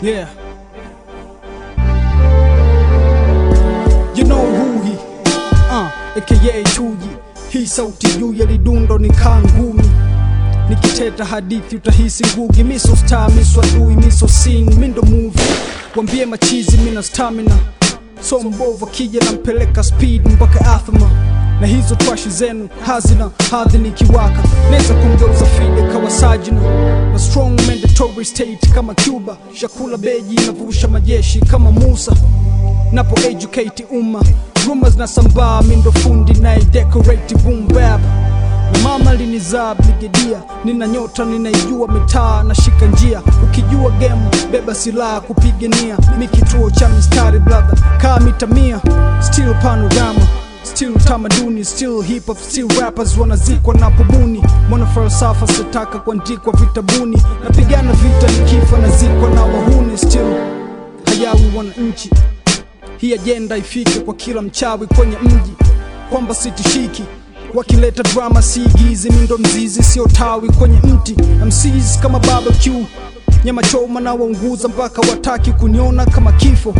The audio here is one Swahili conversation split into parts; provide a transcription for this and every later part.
Yeah. You know who he, uh, aka Chuji. Hii sauti juu ya lidundo ni kangumi. Nikiteta hadithi utahisi ngugi. Miso star, miso adui, miso sin, mindo movie. Wambie machizi, mina stamina so mbovu kija nampeleka speed mpaka athma na hizo trashi zenu hazina hadhi kiwaka neza kumgeuza fide kawasajina na strong mandatory state kama Cuba shakula beji inavusha majeshi kama Musa napo educate umma rumors na sambaa mindo fundi na decorate boom mama linizaa brigedia, nina nyota ninaijua mitaa na shika njia, ukijua gemu beba silaha kupigania, mi kituo cha mistari brother, kaa mitamia still panorama Still tamaduni, still hip hop, still rappers wanazikwa na pubuni Mwana falsafa sitaka kuandikwa vitabuni, napigana vita nikifa nazikwa na wahuni. Still hayawi wananchi, hii ajenda ifike kwa kila mchawi kwenye mji, kwamba sitishiki wakileta drama siigizi, mi ndo mzizi sio tawi kwenye mti msizi kama barbecue, nyama choma na waunguza mpaka wataki kuniona kama kifo.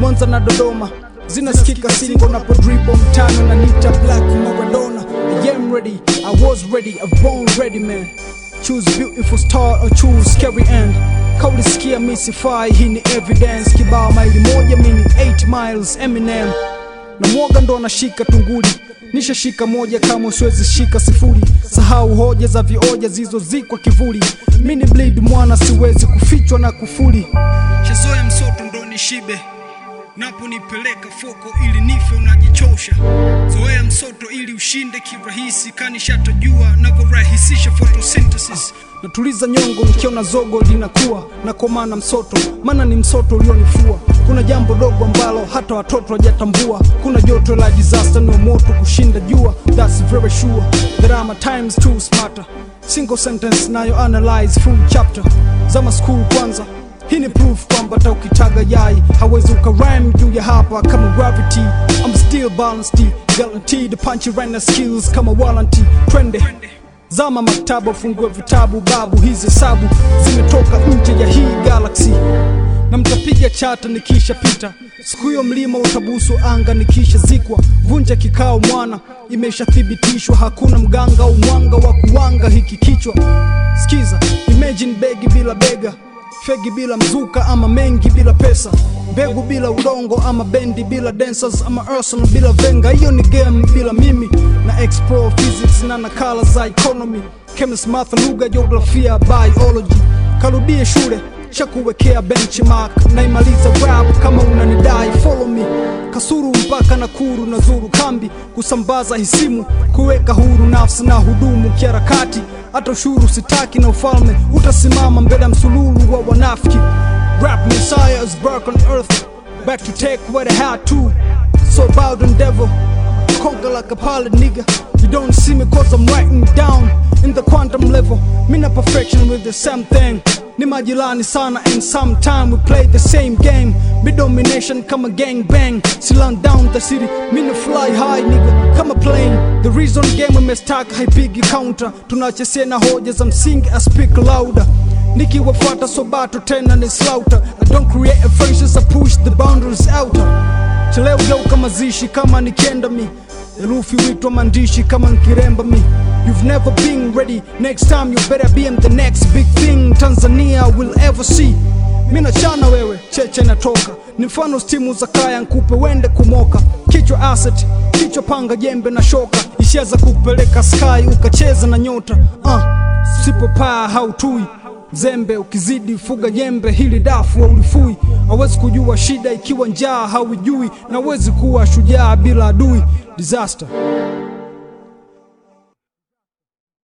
Mwanza na Dodoma zinasikika singo na podribo mtano na nita black Maradona. I am ready, I was ready, I've born ready man. Choose beautiful star or choose scary end. Kaulisikia misifai hii ni evidence. Kibao maili moja mini 8 miles Eminem na mwoga ndo anashika tunguli. Nishashika moja kama usiwezi shika sifuri. Sahau hoja za vioja zilizozikwa kivuli. mini bleed mwana, siwezi kufichwa na kufuli. Shazoea msoto ndo nishibe, naponipeleka foko ili nife unajichosha. Zoea msoto ili ushinde kirahisi, kanishatajua navyorahisisha photosynthesis. Ah, natuliza nyongo nikiona zogo linakuwa na komana msoto, maana ni msoto ulionifua kuna jambo dogo ambalo hata watoto wajatambua. Kuna joto la disaster no moto kushinda jua, that's very sure. There are times too smarter, single sentence nayo analyze full chapter. Zama school kwanza, hii ni proof kwamba hata ukitaga yai hawezi ukarhyme juu ya hapa kama gravity. I'm still balanced, guaranteed punch right na skills kama warranty. trendy zama maktaba, ufungue vitabu babu, hizi hesabu zimetoka na mtapiga chata nikisha pita siku hiyo, mlima utabusu anga nikisha zikwa. Vunja kikao mwana, imeshathibitishwa hakuna mganga au mwanga wa kuwanga hiki kichwa. Sikiza, imagine begi bila bega fegi bila mzuka ama mengi bila pesa, mbegu bila udongo ama bendi bila dancers ama Arsenal bila venga. Hiyo ni game bila mimi na explore physics na nakala za economy, chemistry, math, lugha, jiografia, biology. Karudie shule cha kuwekea benchmark naimaliza rap kama unanidai follow me kasuru mpaka na kuru na zuru kambi kusambaza hisimu kuweka huru nafsi na hudumu kiharakati hata ushuru sitaki na ufalme utasimama mbele ya msululu wa wanafiki rap messiah is back on earth back to take what i had to so bowed and devil conquer like a pilot nigga you don't see me cause i'm writing down in the quantum level me not perfection with the same thing ni majirani sana and sometime we play the same game mi domination kama gang bang Silan down the city mi ni fly high nigga kama plane the reason game imestaka haipigi counter tunachesea na hoja za msingi I speak louder nikiwafuata sobato tena ni slaughter I don't create a faces I push the boundaries out cheleo kama zishi kama nikienda mi herufi witwa mandishi kama nkiremba mi You've never been ready. Next time you better be in the next big thing Tanzania will ever see. Mina chana wewe, cheche natoka. Ni mfano stimu za kaya nkupe wende kumoka. Kichwa asset, kichwa panga, jembe na shoka. Ishia kupeleka sky ukacheza na nyota. Ah, Uh, sipopaa hautui zembe ukizidi fuga jembe hili dafu wa ulifui. Hawezi kujua shida ikiwa njaa hawijui. na hawezi kuwa shujaa bila adui. Disaster.